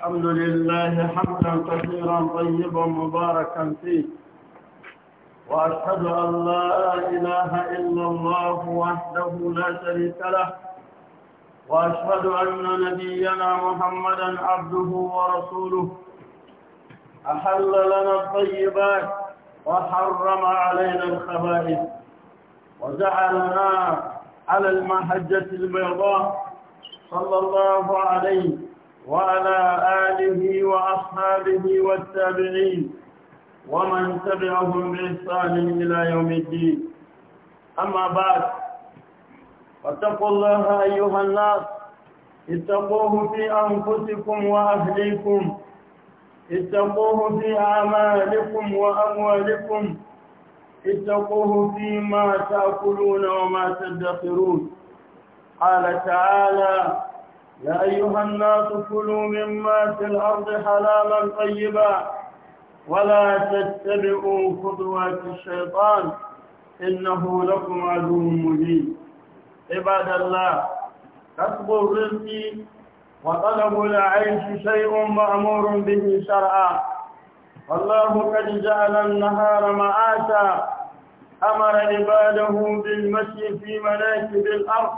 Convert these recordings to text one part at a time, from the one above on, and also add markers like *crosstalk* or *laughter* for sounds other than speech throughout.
الحمد لله حمدا كثيرا طيبا مباركا فيه وأشهد أن لا إله إلا الله وحده لا شريك له وأشهد أن نبينا محمدا عبده ورسوله أحل لنا الطيبات وحرم علينا الخبائث وجعلنا على المحجة البيضاء صلى الله عليه وعلى آله وأصحابه والتابعين ومن تبعهم بإحسان إلى يوم الدين أما بعد فاتقوا الله أيها الناس اتقوه في أنفسكم وأهليكم اتقوه في أعمالكم وأموالكم اتقوه فيما تأكلون وما تدخرون قال تعالى يا أيها الناس كلوا مما في الأرض حلالا طيبا ولا تتبعوا خطوات الشيطان إنه لكم عدو مبين عباد الله كسب الرزق وطلب العيش شيء مأمور به شرعا والله قد جعل النهار معاشا أمر عباده بالمشي في مناكب الأرض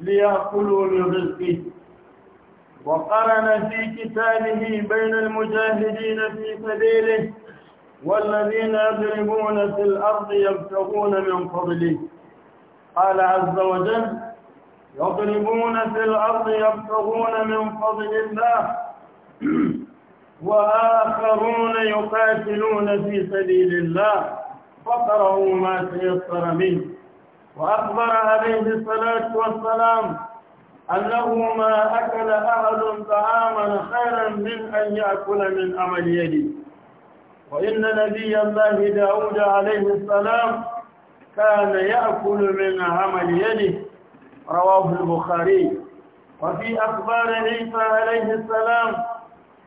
ليأكلوا من رزقه وقرن في كتابه بين المجاهدين في سبيله والذين يضربون في الأرض يبتغون من فضله قال عز وجل يضربون في الأرض يبتغون من فضل الله وآخرون يقاتلون في سبيل الله فقرأوا ما تيسر منه وأخبر عليه الصلاة والسلام أنه ما أكل أحد طعاما خيرا من أن يأكل من عمل يده وإن نبي الله داود عليه السلام كان يأكل من عمل يده رواه البخاري وفي أخبار عيسى عليه السلام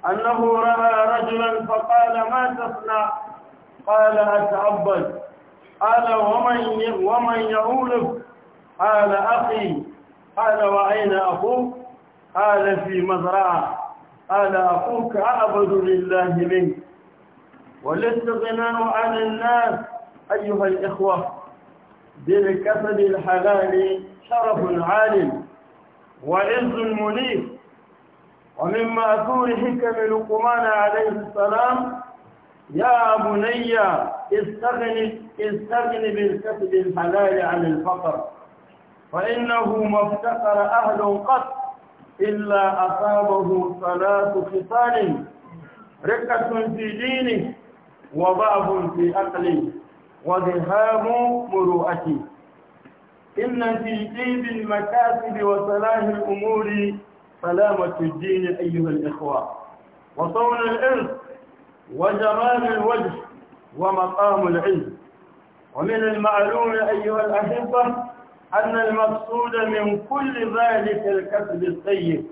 أنه رأى رجلا فقال ما تصنع قال أتعبد قال ومن ومن يعولك قال أخي قال وأين أخوك قال في مزرعة قال أخوك أعبد لله منك والاستغناء عن الناس أيها الإخوة بالكسب الحلال شرف عال وعز منيف ومن مأثور حكم لقمان عليه السلام يا بني استغن استغن بالكسب الحلال عن الفقر فإنه ما افتقر أهل قط إلا أصابه ثلاث خصال رقة في دينه وضعف في عقله وذهاب مروءته إن في جيب المكاسب وصلاح الأمور سلامة الدين أيها الإخوة وصون الإرث وجمال الوجه ومقام العلم ومن المعلوم أيها الأحبة أن المقصود من كل ذلك الكسب الطيب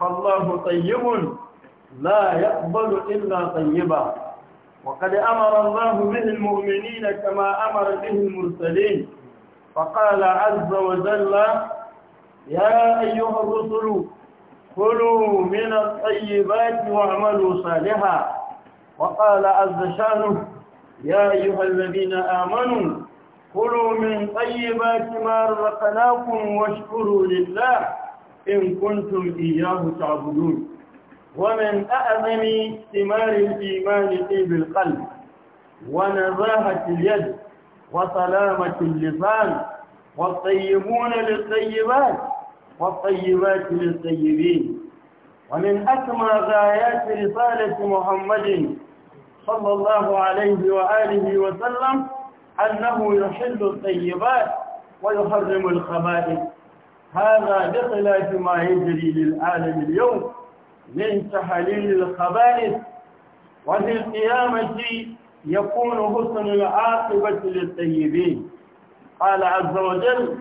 فالله طيب لا يقبل إلا طيبا وقد أمر الله به المؤمنين كما أمر به المرسلين فقال عز وجل يا أيها الرسل كلوا من الطيبات واعملوا صالحا وقال عز شانه يا أيها الذين آمنوا كلوا من طيبات ما رزقناكم واشكروا لله إن كنتم إياه تعبدون ومن أعظم ثمار الإيمان طيب القلب ونزاهة اليد وسلامة اللسان والطيبون للطيبات والطيبات للطيبين ومن أكمى غايات رسالة محمد صلى الله عليه وآله وسلم أنه يحل الطيبات ويحرم الخبائث هذا بخلاف ما يجري للعالم اليوم من تحليل الخبائث وفي القيامة يكون حسن العاقبة للطيبين قال عز وجل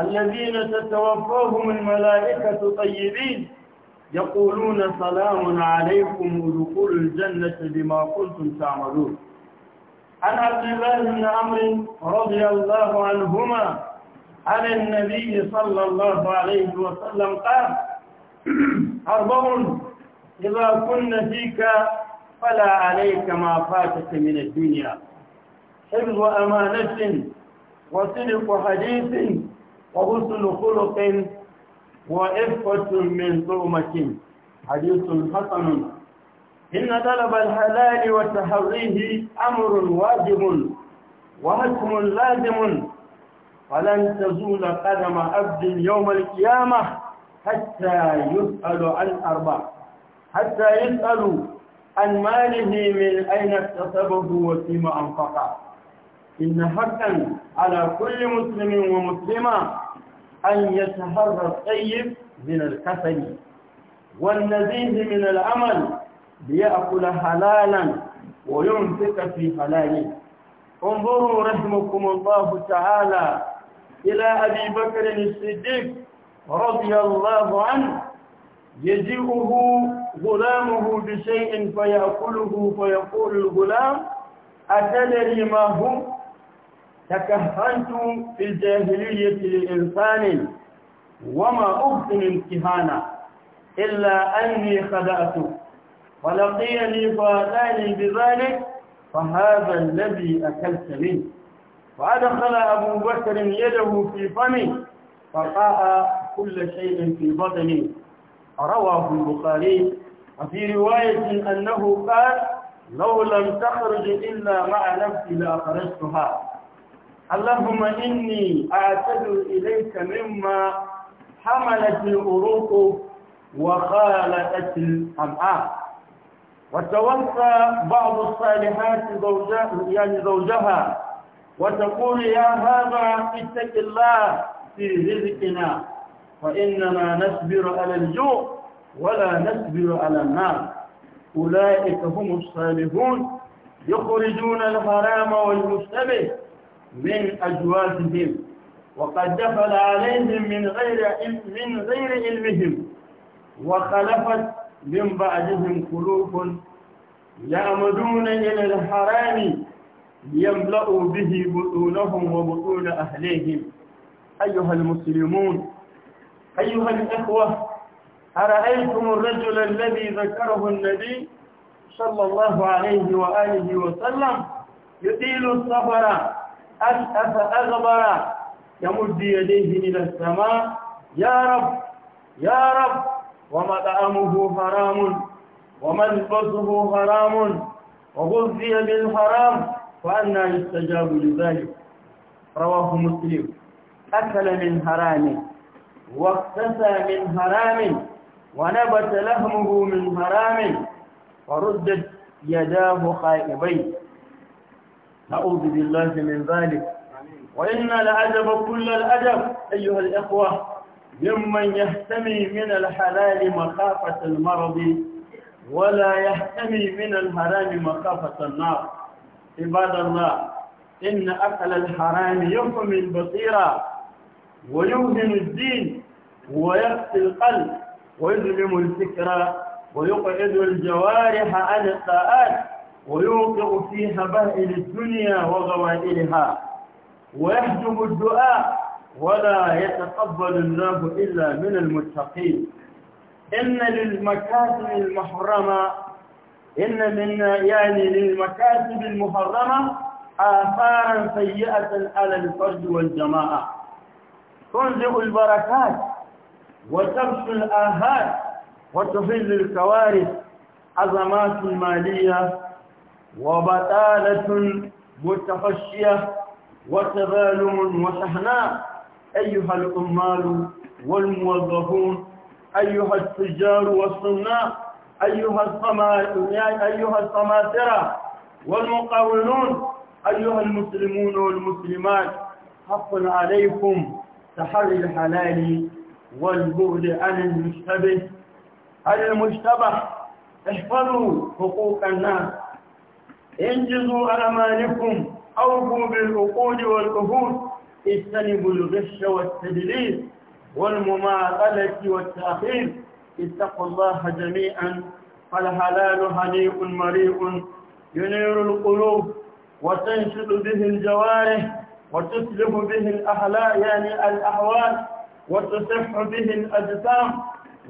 الذين تتوفاهم الملائكة طيبين يقولون سلام عليكم ودخول الجنة بما كنتم تعملون عن عبد الله بن عمرو رضي الله عنهما عن النبي صلى الله عليه وسلم قال أربع إذا كن فيك فلا عليك ما فاتك من الدنيا حفظ أمانة وصدق حديث وحسن خلق وإفقة من ظلمة حديث حسن إن طلب الحلال وتحريه أمر واجب وحكم لازم ولن تزول قدم عبد يوم القيامة حتى يسأل عن أربع حتى يسأل عن ماله من أين اكتسبه وفيما أنفقه إن حقا على كل مسلم ومسلمة أن يتحرى الطيب من الكسل والنزيه من العمل ليأكل حلالا وينفق في حلاله انظروا رحمكم الله تعالى إلى أبي بكر الصديق رضي الله عنه يجيئه غلامه بشيء فيأكله فيقول الغلام أتدري ما هو تكهنت في الجاهلية لإنسان وما أحسن امتهانا إلا أني خدأتك ولقيني فاتاني بذلك فهذا الذي أكلت منه وأدخل أبو بكر يده في فمي فقاء كل شيء في بطني رواه البخاري وفي رواية أنه قال لو لم تخرج إلا مع نفسي لأخرجتها اللهم إني أعتذر إليك مما حملت الأروق وخالت الأمعاء وتوفى بعض الصالحات زوجها يعني زوجها وتقول يا هذا اتق الله في رزقنا فإننا نصبر على الجوع ولا نصبر على النار أولئك هم الصالحون يخرجون الحرام والمشتبه من أجوازهم وقد دخل عليهم من غير من غير علمهم وخلفت من بعدهم قلوب يعمدون إلى الحرام ليملأوا به بطونهم وبطون أهليهم أيها المسلمون أيها الأخوة أرأيتم الرجل الذي ذكره النبي صلى الله عليه وآله وسلم يطيل السفر أسأف أغبر يمد يديه إلى السماء يا رب يا رب ومطعمه حرام وملبسه حرام وغذي بالحرام فأنا يستجاب لذلك رواه مسلم أكل من حرام واقتسى من حرام ونبت لحمه من حرام وردت يداه خائبين نعوذ بالله من ذلك وإن الأدب كل الأدب أيها الإخوة ممن يحتمي من الحلال مخافة المرض ولا يحتمي من الحرام مخافة النار عباد الله إن أكل الحرام يفهم البصيرة ويوهن الدين ويقسي القلب ويظلم الفكرة ويقعد الجوارح عن الطاعات ويوقع في هبائل الدنيا وغوائلها ويحجب الدعاء ولا يتقبل الله إلا من المتقين إن للمكاسب المحرمة إن من يعني للمكاسب المحرمة آثارا سيئة على الفرد والجماعة تنزع البركات وتبث الآهات وتفل الكوارث أزمات مالية وبطالة متفشية وتظالم وشحناء أيها الأمال والموظفون أيها التجار والصناع أيها أيها الصماترة والمقاولون أيها المسلمون والمسلمات حق عليكم تحري الحلال والبعد عن المشتبه عن المشتبه احفظوا حقوق الناس انجزوا أمانكم أوفوا بالعقود والعهود اجتنبوا الغش والتدليل والمماطلة والتأخير اتقوا الله جميعا فالحلال هنيء مريء ينير القلوب وتنشد به الجوارح وتسلب به الأحلاء يعني الأحوال وتصح به الأجسام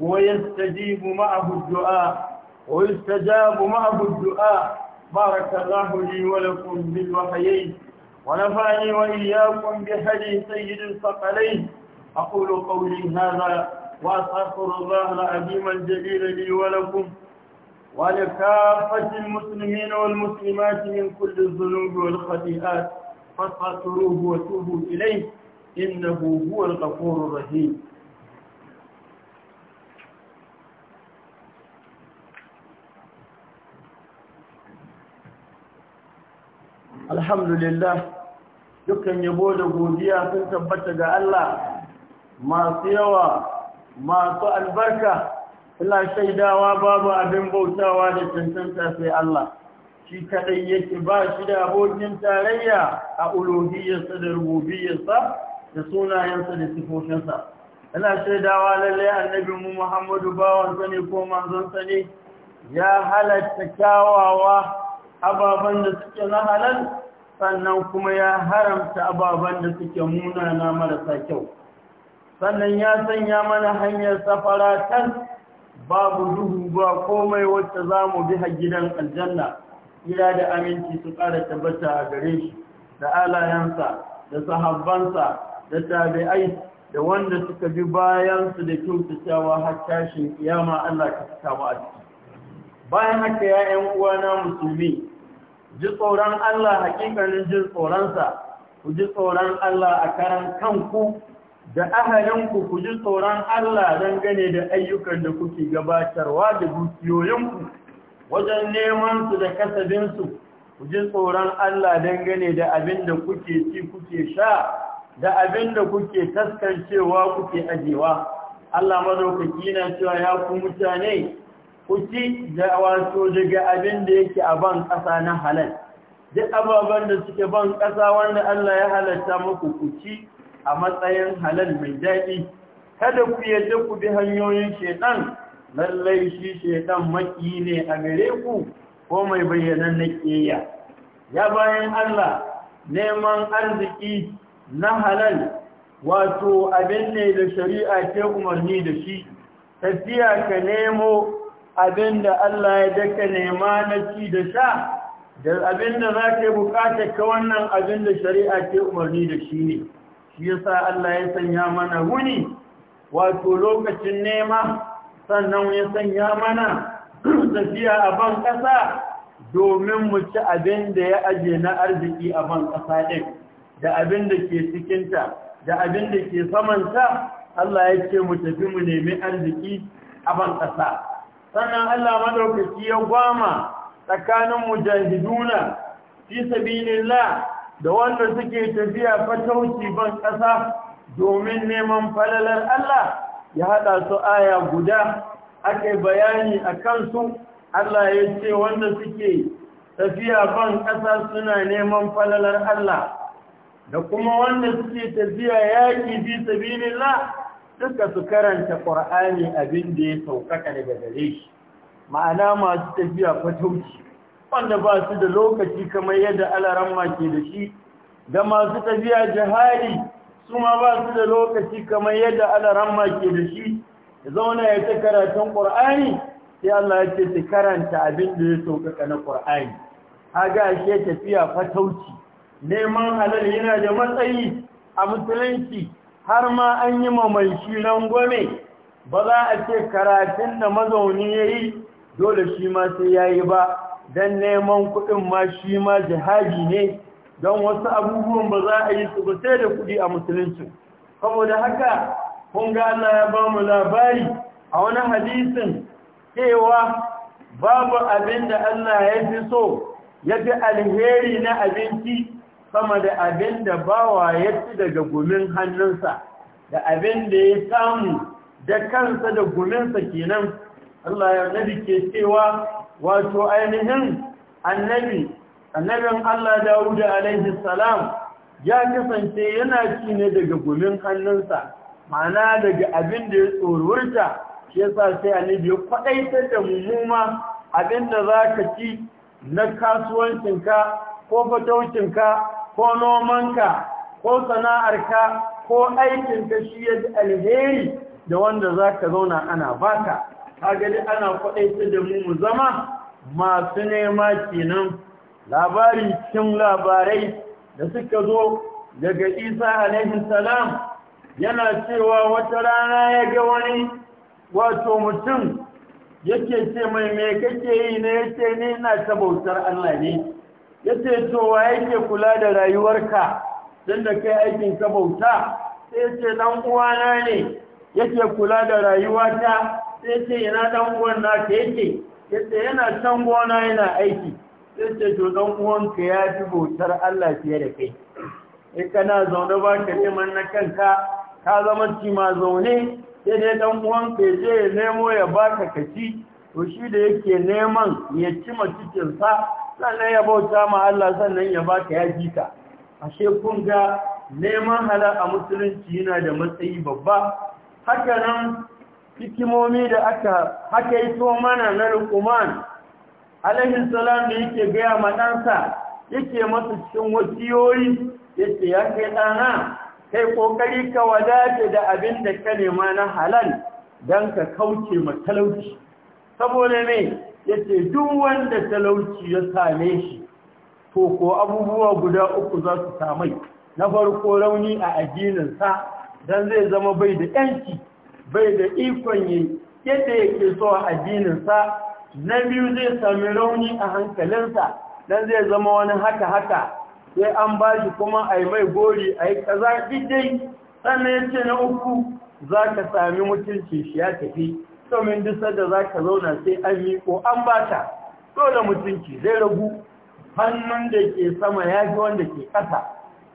ويستجيب معه الدعاء ويستجاب معه الدعاء بارك الله لي ولكم بالوحيين ونفعني وإياكم بهدي سيد الثقلين أقول قولي هذا وأستغفر الله العظيم الجليل لي ولكم ولكافة المسلمين والمسلمات من كل الذنوب والخطيئات فاستغفروه وتوبوا إليه إنه هو الغفور الرحيم alhamdulillah dukkan yabo da godiya sun tabbata ga Allah masu yawa masu albarka ina shaidawa babu abin bautawa da cancanta sai Allah shi kadai yake ba shi da abokin tarayya a uluhiyarsa da rububiyarsa da sunayensa da sifofinsa ina shaidawa lallai annabi Muhammadu bawansa ne ko manzonsa ne ya halatta kyawawa ababen da suke na halal sannan kuma ya haramta ababen da suke munana marasa kyau sannan ya sanya mana hanyar safara tan babu duhu ba komai wacce za mu bi gidan aljanna ila da aminci su ƙara tabbata a gare shi da alayensa da sahabbansa da tabi'ai da wanda suka bi bayansu da kyautatawa har tashin kiyama Allah ka saka mu a ciki bayan haka ya ƴan uwana musulmi ji tsoron Allah hakikalin ji tsoronsa ku ji tsoron Allah a karan kanku da ahalinku ku ji tsoron Allah don gane da ayyukan da kuke gabatarwa da dukiyoyinku wajen neman su da kasabinsu ku ji tsoron Allah don gane da abin da kuke ci kuke sha da abin da kuke taskancewa kuke ajewa Allah madaukaki na cewa ya ku mutane Kuci da wato daga abin da yake a ban ƙasa na halal duk ababen da suke ban ƙasa wanda Allah ya halatta muku ku a matsayin halal mai daɗi kada ku yadda ku bi hanyoyin shedan lallai shi shedan maki ne a gare ku ko mai bayyana na ya. ya bayan Allah neman arziki na halal wato abin ne da shari'a ke umarni da shi tafiya ka nemo abinda Allah ya daka nema na ci da sha da abinda za ka yi ka wannan abinda shari'a ke umarni da shi ne shi yasa Allah ya sanya mana huni wato lokacin nema sannan ya sanya mana *clears throat* tafiya a ban ƙasa domin mu ci abin da ya aje na arziki a ban ƙasa ɗin da abin da ke cikinta da abin da ke samanta Allah ya ce mu tafi mu nemi arziki a ban ƙasa sannan Allah madaukaki ya gwama tsakanin mujahiduna fi sabilillah da wanda suke tafiya fatauci ban ƙasa domin neman falalar Allah ya haɗa su aya guda ake bayani a kansu Allah ya ce wanda suke tafiya ban ƙasa suna neman falalar Allah da kuma wanda suke tafiya yaƙi fi sabilillah suka su karanta ƙur'ani abin da ya sauƙaƙa daga gare shi ma'ana masu tafiya fatauci wanda ba su da lokaci kamar yadda alaramma ke da shi da masu tafiya jihari su ma ba su da lokaci kamar yadda alaramma ke da shi ya zauna ya ta karatun ƙur'ani sai Allah ya ce su karanta abin da ya sauƙaƙa na ƙur'ani haga ashe tafiya fatauci neman halal yana da matsayi a musulunci har ma an yi mamaici rangwame ba za a ce karatun da mazauni ya yi dole shi ma sai ya yi ba don neman kuɗin ma shi ma jihadi ne don wasu abubuwan ba za a yi su sai da kuɗi a musulunci saboda haka kun ga Allah ya ba mu labari a wani hadisin cewa babu abin da Allah ya fi so ya fi alheri na abinci sama da abin da bawa ya ci daga gumin hannunsa da abin da ya samu da kansa da guminsa kenan Allah ya nabi ke cewa wato ainihin annabi annabin Allah Dawuda alaihi salam ya kasance yana ci ne daga gumin hannunsa ma'ana daga abin da ya tsorurta shi yasa sai annabi ya kwadaita da mumuma abin da za ka ci na kasuwancinka ko fataucinka ko nomanka ko sana'arka ko aikin shi ya ji alheri da wanda za ka zauna ana baka gani ana kwaɗaita da mu mu zama masu nema kenan labari cin labarai da suka zo daga isa alaihi salam yana cewa wata rana ya ga wani wato mutum yake ce mai me kake yi ne yace ni ina ta bautar Allah ne yace ce to yake kula da rayuwarka don da kai aikin ka bauta sai ya ce dan uwana ne yake kula da rayuwata sai ce ina dan uwan ka yake yace yana can gona yana aiki sai ce to dan uwanka ya fi bautar Allah fiye da kai in kana zaune ba ka neman na kanka ka zama cima zaune sai dai dan uwanka je ya nemo ya baka kaci to shi da yake neman ya cima cikinsa sannan ya bauta ma Allah sannan ya baka yaji ka. ashe kun ga neman hala a musulunci yana da matsayi babba haka nan hikimomi da aka haka yi so mana na rukuman alaihi salam da yake gaya ma ɗansa yake masa cikin wasiyoyi yake ya kai ɗana kai ƙoƙari ka wadace da abin da ka nema na halal don ka kauce matalauci saboda me yace duk wanda talauci ya same shi to ko abubuwa guda uku za su samai na farko rauni a addininsa dan zai zama bai da yanci bai da ikon yi yadda yake so a addininsa na biyu zai sami rauni a hankalinsa dan zai zama wani haka haka sai an ba shi kuma a yi mai gori a yi kaza dai sannan yace na uku za ka sami mutunci shi ya tafi domin duk da za ka zauna sai an miko an ba ta, dole mutunci zai ragu hannun da ke sama ya fi wanda ke ƙasa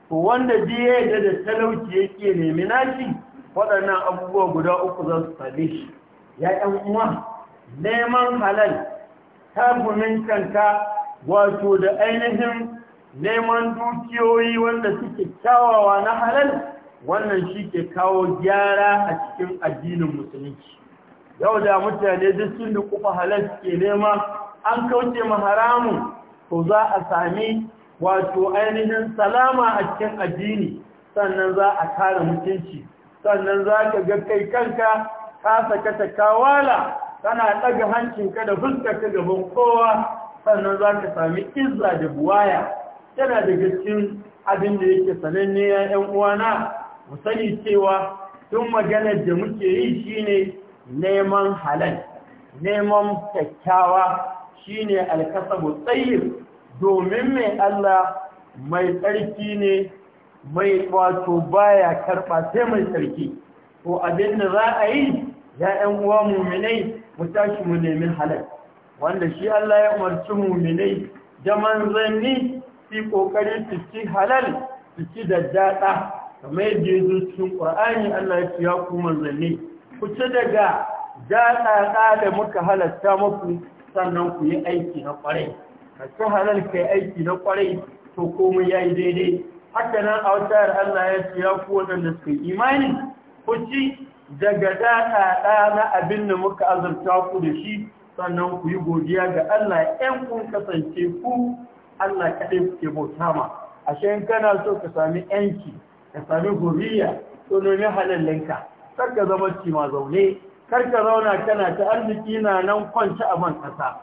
ko wanda biye da da talauci yake nemi nashi waɗannan abubuwa guda uku za su same shi ya ɗan uwa neman halal tafumin kanta, wato da ainihin neman dukiyoyi wanda suke kyawawa na halal wannan shi ke kawo gyara a cikin addinin musulunci yau da mutane duk sun kuma halal ke nema an kauce ma haramun to za a sami wato ainihin salama a cikin addini sannan za a kare mutunci sannan za ka ga kai kanka ka saka ta kawala kana ɗaga hancinka da fuska ka gaban kowa sannan za ka sami izza da buwaya yana daga cikin abin da yake sananne ya ‘yan uwana mu sani cewa tun maganar da muke yi shine neman halal neman kyakkyawa shine alkasabu tsayir domin mai Allah mai tsarki ne mai wato baya karɓa sai mai tsarki ko abin da za a yi ya ‘yan uwa muminai mu tashi mu nemi halal wanda shi Allah ya umarci muminai da manzanni fi ƙoƙari su ci halal su ci da daɗa kamar yadda ya zo cikin ƙur'ani Allah ya ci ya ku manzanni ku ci daga jana da muka halatta muku sannan ku yi aiki na kwarai ka ci halal kai aiki na kwarai to komai ya yi daidai haka nan a wata Allah ya ce ya ku waɗanda suka yi imani ku ci daga daɗaɗa na abin da muka azurta ku da shi sannan ku yi godiya ga Allah ‘yan kun kasance ku Allah kaɗai ke bauta ma ashe kana so ka sami ‘yanki ka sami goriya to nomi halallinka kar ka zama ma zaune kar ka zauna kana ta arziki na nan kwanci a man ƙasa.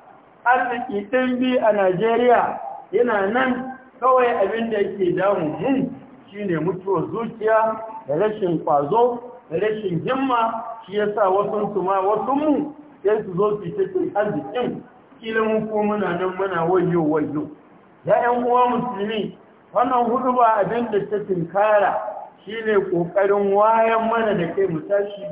arziki ɗin bi a Najeriya yana nan kawai abin da yake damu mu shine mutuwar zuciya da rashin kwazo da rashin himma shi yasa wasu su wasu mu sai su zo su cikin arzikin kila mun ko muna nan muna wayo wayo ya ƴan uwa musulmi wannan hudu ba abin da ta tinkara Shi ne ƙoƙarin wayan mana da kai mu tashi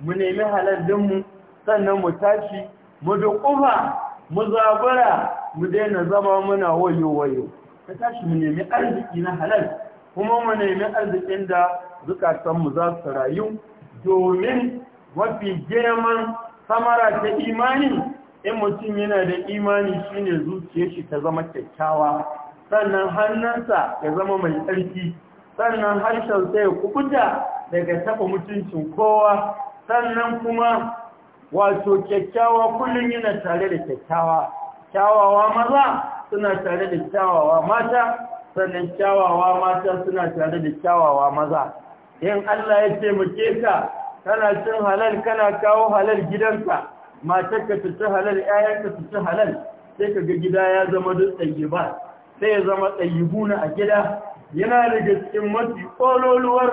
mu nemi halallinmu sannan mu tashi mu duƙufa mu zabura mu daina zama muna wayo-wayo ka tashi mu nemi arziki na halal kuma mu nemi arzikin da zukatanmu za su rayu domin mafi girman samara ta imani in mutum yana da imani shine zuciyar shi ta zama kyakkyawa sannan hannunsa ya zama mai tsarki sannan harshen sai kubuta daga taɓa mutuncin kowa sannan kuma wato kyakkyawa kullum yana tare da kyakkyawa kyawawa maza suna tare da kyawawa mata sannan kyawawa mata suna tare da kyawawa maza in Allah ya taimake ka kana cin halal kana kawo halal gidanka matar ka tuci halal ƴaƴanka ka halal sai ka ga gida ya zama duk tsayi sai ya zama tsayibuna a gida yana daga cikin mafi ƙololuwar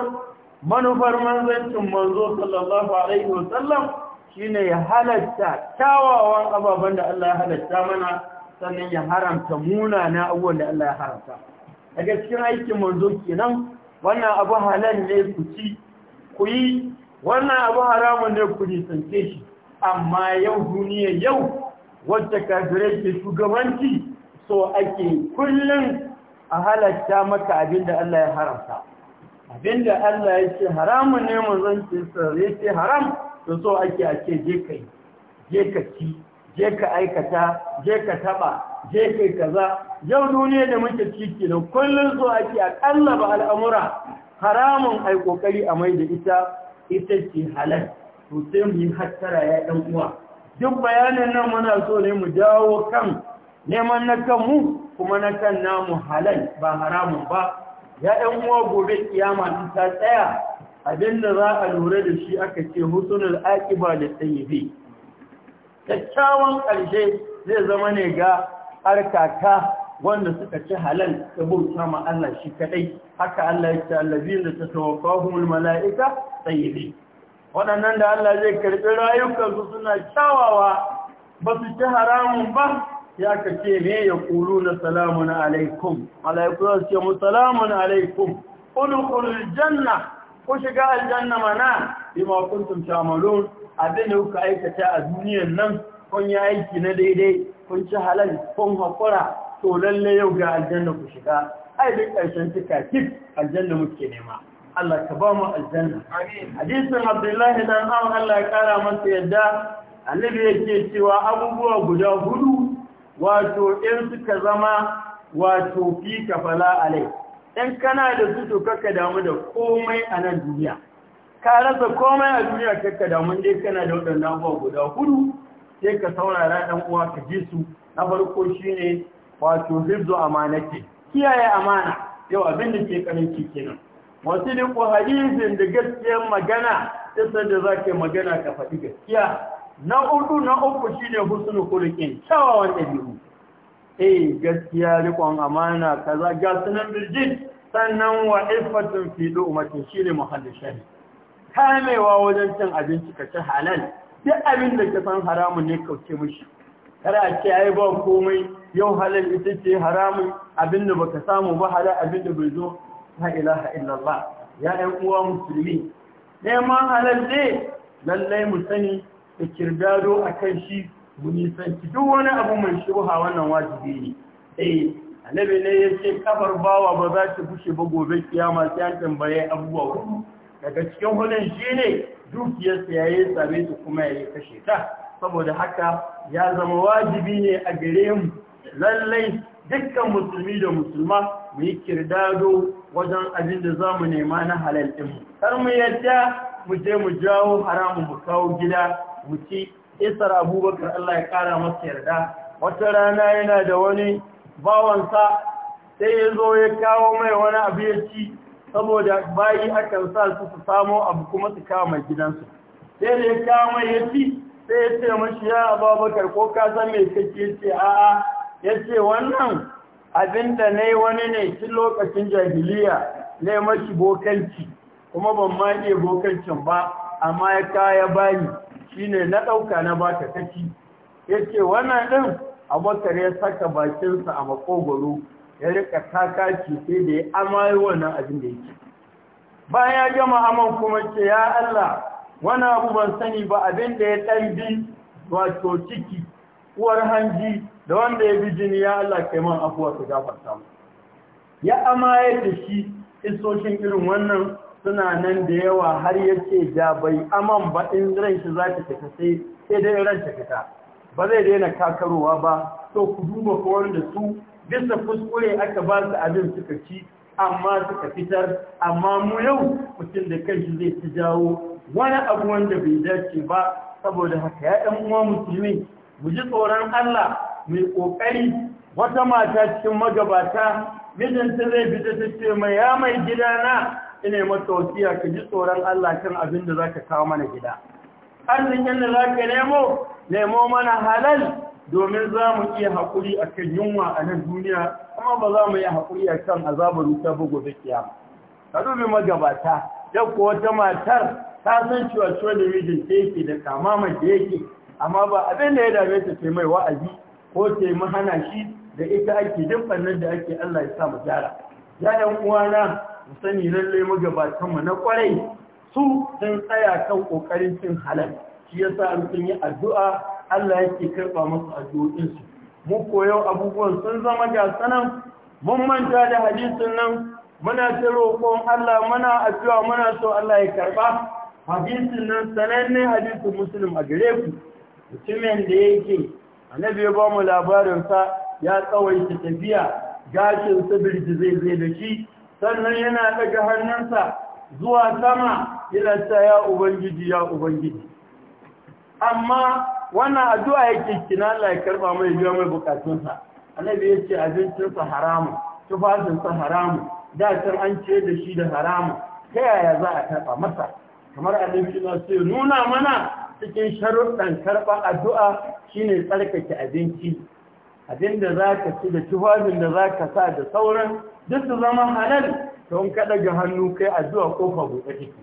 manufar manzancin manzo sallallahu alaihi wasallam ne ya halatta kyawawan ababen da Allah ya halatta mana sannan ya haramta munana abuwan da Allah ya haramta daga cikin aikin manzo kenan wannan abu halal ne ku ci ku yi wannan abu haramun ne ku nisance shi amma yau duniya yau wadda kafirai ke shugabanci so ake kullum a halatta maka abinda Allah ya haramta abinda Allah ya ce haramun ne zan ce ya ce haram to so ake a ce je kai je ka ci je ka aikata je ka taba je kai kaza yau duniya da muke ciki da kullun so ake a ba al'amura haramun ai kokari a mai da ita ita ce halal to sai mu yi hattara ya dan uwa duk bayanin nan muna so ne mu dawo kan neman na kan mu? kuma na kan namu halal ba haramun ba ya ɗan uwa gobe kiyama in ta tsaya abinda za a lura da shi aka ce husnul aqiba da tayyibi kyakkyawan ƙarshe zai zama ne ga harkaka wanda suka ci halal da bauta ma Allah shi kadai haka Allah ya ce allazina tatawaffahumul malaika tayyibi waɗannan da Allah zai karɓi rayukansu suna kyawawa ba su ci haramun ba ya ka ce me ya kulu na salamun alaikum alaikun ce mu salamun alaikum ulukulul janna ku shiga aljanna mana ma kuntum ta'malun abin da kuka aikata a duniyar nan kun yi aiki na daidai kun ci halal kun hakura to lalle yau ga aljanna ku shiga ai duk ƙarshen tuka kif aljanna muke nema Allah ka ba mu aljanna hadisin Abdullahi dan Allah ya kara masa yadda annabi yake cewa abubuwa guda hudu wato in suka zama wato fi kafala alai in kana da su to kaka damu da komai a nan duniya ka rasa komai a duniya kaka damu dai kana da waɗannan abubuwa guda hudu sai ka saurara dan uwa ka ji su na farko shine wato hibzu amanati kiyaye amana yau abin da ke karanci kenan wasu ne ko hadisin da gaskiyar magana sai da zaka magana ka faɗi gaskiya na uku na uku shi shine husnul khuluqin kyawawan ɗabi'u eh gaskiya rikon amana kaza ga sunan birjin sannan wa ifatun fi shi ne muhallin shari kamewa wajen cin abinci ka ci halal duk abin da ka san haramun ne kauce mushi kada ce ai ba komai yau halal ita ce haramun abin da baka samu ba halal abin da bai zo ha ilaha illallah ya ɗan uwa musulmi neman halal ne lallai mu sani da kirdado a kan shi munisanci duk wani abu mai shubha wannan wajibi ne eh annabi ne ya ce kafar bawa ba za ta bushe ba gobe kiyama sai an tambaye abubuwa hudu daga cikin hudun shi ne dukiyarsa ya yi same ta kuma ya yi kashe ta saboda haka ya zama wajibi ne a gare mu lallai dukkan musulmi da musulma mu yi kirdado wajen abin da za mu nema na halal ɗin mu. kar mu yadda mu je mu jawo haramu mu kawo gida mu ci isar abubakar Allah ya kara masa yarda wata rana yana da wani bawansa sai ya zo ya kawo mai wani abu ya ci saboda bayi akan sa su su samo abu kuma su kawo mai gidansu sai da ya kawo mai ya ci sai ya ce mashi ya abubakar ko ka san mai kake ce a'a ya ce wannan abin da na yi wani ne cikin lokacin jahiliya ne mashi bokanci kuma ban ma iya bokancin ba amma ya kaya bani Shi ne na ɗauka na ba ta kaci ya ce wannan ɗin abokar ya saka bakinsa a makogoro ya rika takaci sai da ya amayi wannan abin da yake bayan ya gama aman kuma ce ya Allah wani abu ban sani ba abin da ya ɗan bi wato ciki uwar hanji da wanda ya bi jini ya Allah kai man afuwa ka gafarta ya amaye da shi isoshin irin wannan suna nan da yawa har yake da bai aman ba in ran shi za ta fita sai sai dai ran fita ba zai daina kakarowa ba to ku duba kowar da su bisa kuskure aka ba su abin suka ci amma suka fitar amma mu yau mutum da kanshi zai ci jawo wani abu wanda bai dace ba saboda haka ya ɗan uwa musulmi mu ji tsoron Allah mai ƙoƙari wata mata cikin magabata mijinta zai fita ta ce mai ya mai gidana ina maka wasiya ka ji tsoron Allah kan abin da zaka kawo mana gida arzikin da zaka nemo nemo mana halal domin za mu iya haƙuri a kan yunwa a nan duniya kuma ba za mu iya haƙuri a kan azabar wuta ba gobe kiyama ka dubi magabata da ko wata matar ta san cewa cewa da mijin ta yake da kamamar da yake amma ba abin da ya dame ta ce mai wa'azi ko ta mahana shi da ita ake duk da ake Allah ya sa mu gyara ya ɗan uwana musani sani lalle magabatan mu na kwarai su sun tsaya kan kokarin cin halal shi yasa an sun yi addu'a Allah yake karba musu addu'o'in su mu koyon abubuwan sun zama ga sanan mun manta da hadisin nan muna ta roƙon Allah muna addu'a muna so Allah ya karɓa. hadisin nan sanannen hadisin Musulm a gare ku mutumin da yake annabi ya ba mu labarinsa ya tsawaita tafiya gashin sabirji zai zai da shi sannan yana daga hannunsa zuwa sama yana ta ya ubangiji ya ubangiji amma wannan addu'a yake kina Allah ya karba mai biya mai bukatunsa annabi yace abincinsa haramu tufafinsa haramu da can an ce da shi da haramu ta yaya za a karba masa kamar annabi na ce nuna mana cikin sharuɗan karba addu'a shine tsarkake abinci abinda za ka ci da tufafin da za ka sa da sauran duk su zama halal don kada ga hannu kai a zuwa kofa buɗe ciki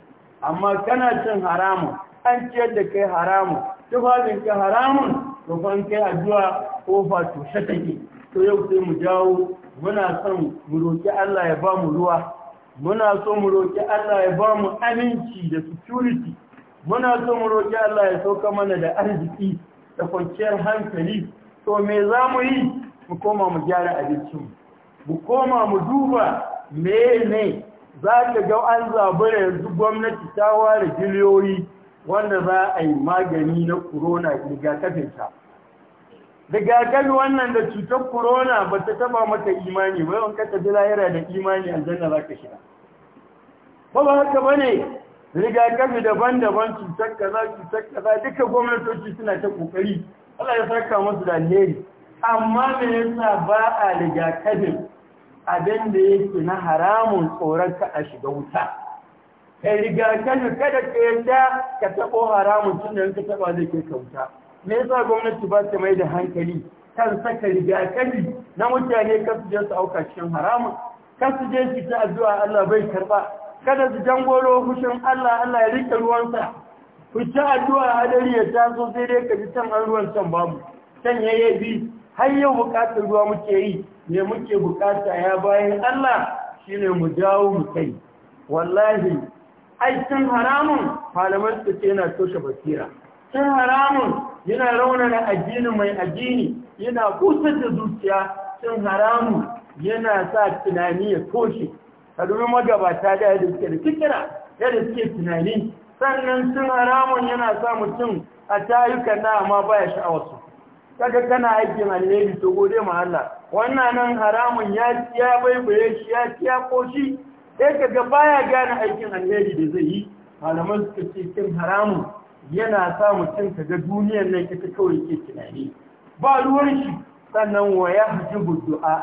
amma kana cin haramun an ciyar da kai haramun tufafin ka haramun to fa kai zuwa kofa to take to yau sai mu jawo muna son mu roƙi Allah ya ba mu ruwa muna so mu roƙi Allah ya ba mu aminci da security muna so mu roƙi Allah ya sauka mana da arziki da kwanciyar hankali to me za mu yi mu koma mu gyara abincinmu mu koma mu duba me ne za ka ga an zabura yanzu gwamnati ta ware biliyoyi wanda za a yi magani na corona rigakafinta rigakafi wannan da cutar corona ba ta taba mata imani ba yawan bi lahira da imani zanna za ka shiga ba ba haka ba ne rigakafi daban-daban cutar kaza cutar kaza duka gwamnatoci suna ta kokari Allah ya saka musu da alheri amma me yasa ba a rigakafin abin da yake na haramun tsoron ka a shiga wuta riga rigakafi kada ka yadda ka taɓo haramun tun da ka taɓa zai kai ka wuta me yasa gwamnati ba ta mai da hankali kan saka rigakafi na mutane kan su je su auka cikin haramun kan su je su ta addu'a Allah bai karba kada su jangoro fushin Allah Allah ya rike ruwansa fita addu'a dare ya taso sai dai ka ji can an ruwan can babu can yayi bi har yau bukatar ruwa muke yi ne muke bukata ya bayan Allah shine mu jawo mu kai wallahi ai can haramun malaman su ce yana toshe basira cin haramun yana raunana addini mai addini yana kusur da zuciya cin haramun yana sa tunani ya toshe ka dubi magabata da da suke da kikira yadda suke tunani sannan cin haramun yana sa mutum a tayukan na amma ya sha'awarsu kaga kana aikin alheri to gode ma Allah wannan nan haramun ya ya baibaye shi ya ya koshi sai kaga baya gane aikin alheri da zai yi malaman suka ce cin haramun yana sa mutum kaga duniyar nan ita kawai ke tunani ba ruwan shi sannan waya, ya hajibu du'a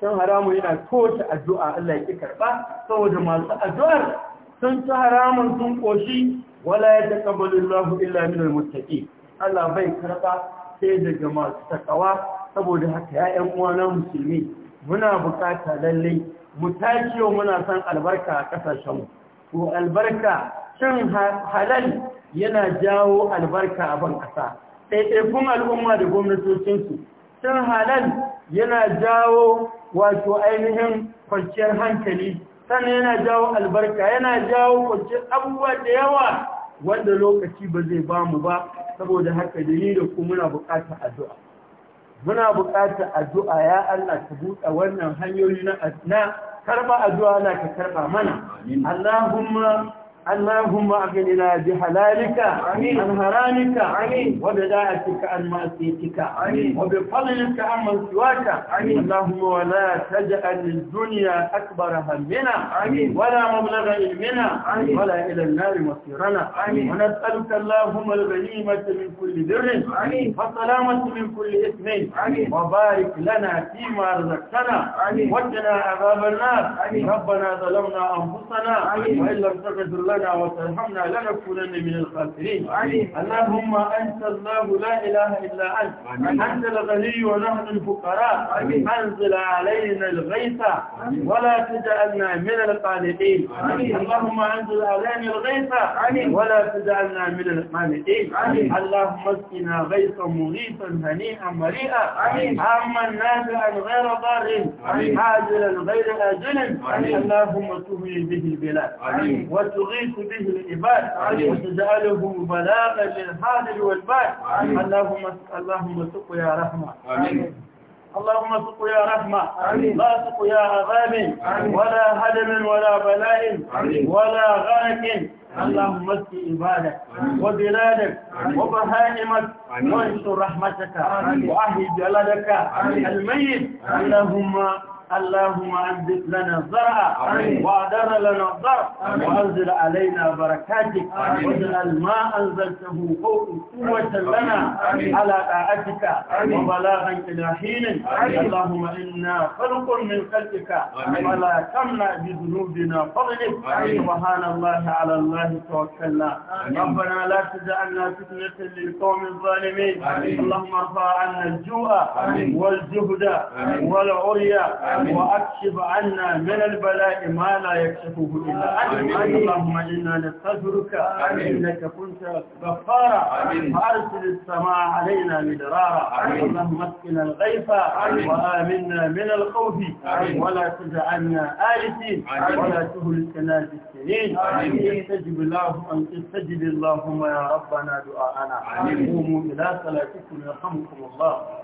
cin haramun yana toshe addu'a Allah ya ki karba saboda masu addu'ar sun ci haramun sun ƙoshi wala ya taqabbalu Allahu illa minal muttaqin Allah bai karɓa. sai daga masu takawa saboda haka 'ya'yan ƴan uwana musulmi muna bukata lalle mu tashi muna san albarka a kasashen ko albarka cin halal yana jawo albarka a ban ƙasa. ɗaiɗaikun al'umma da gwamnatocinsu cin halal yana jawo wato ainihin kwanciyar hankali sannan yana jawo albarka yana jawo kwanci abubuwa da yawa wanda lokaci ba zai ba mu ba saboda haka da ni da ku muna buƙatar addu'a muna buƙatar addu'a ya Allah ka buɗe wannan hanyoyi na karɓa addu'a na ka karɓa mana Allahumma اللهم اغفر أغننا بحلالك عن حرامك وبداعتك عن معصيتك وبفضلك عن من سواك اللهم ولا تجعل الدنيا أكبر همنا ولا مبلغ علمنا ولا إلى النار مصيرنا ونسألك اللهم الغنيمة من كل بر والسلامة من كل إثم وبارك لنا فيما رزقتنا وجنا عذاب النار ربنا ظلمنا أنفسنا وإن لم تغفر لنا لنا وترحمنا لنكونن من الخاسرين اللهم أنت الله لا إله إلا أنت أنت الغني ونحن الفقراء أنزل علينا الغيث ولا تجعلنا من القانطين اللهم أنزل علينا الغيث ولا تجعلنا من القانطين اللهم اسقنا غيثا مغيثا هنيئا مريئا عاما نافعا غير ضار عاجلا غير آجل اللهم تهوي به البلاد وتغيث يعيش به العباد وتجعله بلاغا للحاضر والباد اللهم اللهم سق يا رحمة آمين. اللهم سق يا رحمة لا سق يا عذاب ولا هدم ولا بلاء ولا غرق اللهم اسق عبادك وبلادك وبهائمك وانشر رحمتك واحيي بلدك الميت اللهم اللهم أنزل لنا الزرع وأدر لنا الضرع وأنزل علينا بركاتك واجعل ما أنزلته قوة لنا على طاعتك وبلاغا إلى حين اللهم إنا خلق من خلقك ولا تمنع بذنوبنا فضلك سبحان الله على الله توكلنا ربنا لا تجعلنا فتنة للقوم الظالمين اللهم ارفع عنا الجوع والجهد والعري وأكشف عنا من البلاء ما لا يكشفه إلا أنت اللهم إنا نستغفرك إنك كنت غفارا فأرسل السماء علينا مدرارا اللهم اسقنا الغيث وآمنا من الخوف ولا تجعلنا آلسين ولا تهلكنا بالسنين السنين الله اللهم استجب اللهم يا ربنا دعاءنا قوموا إلى صلاتكم يرحمكم الله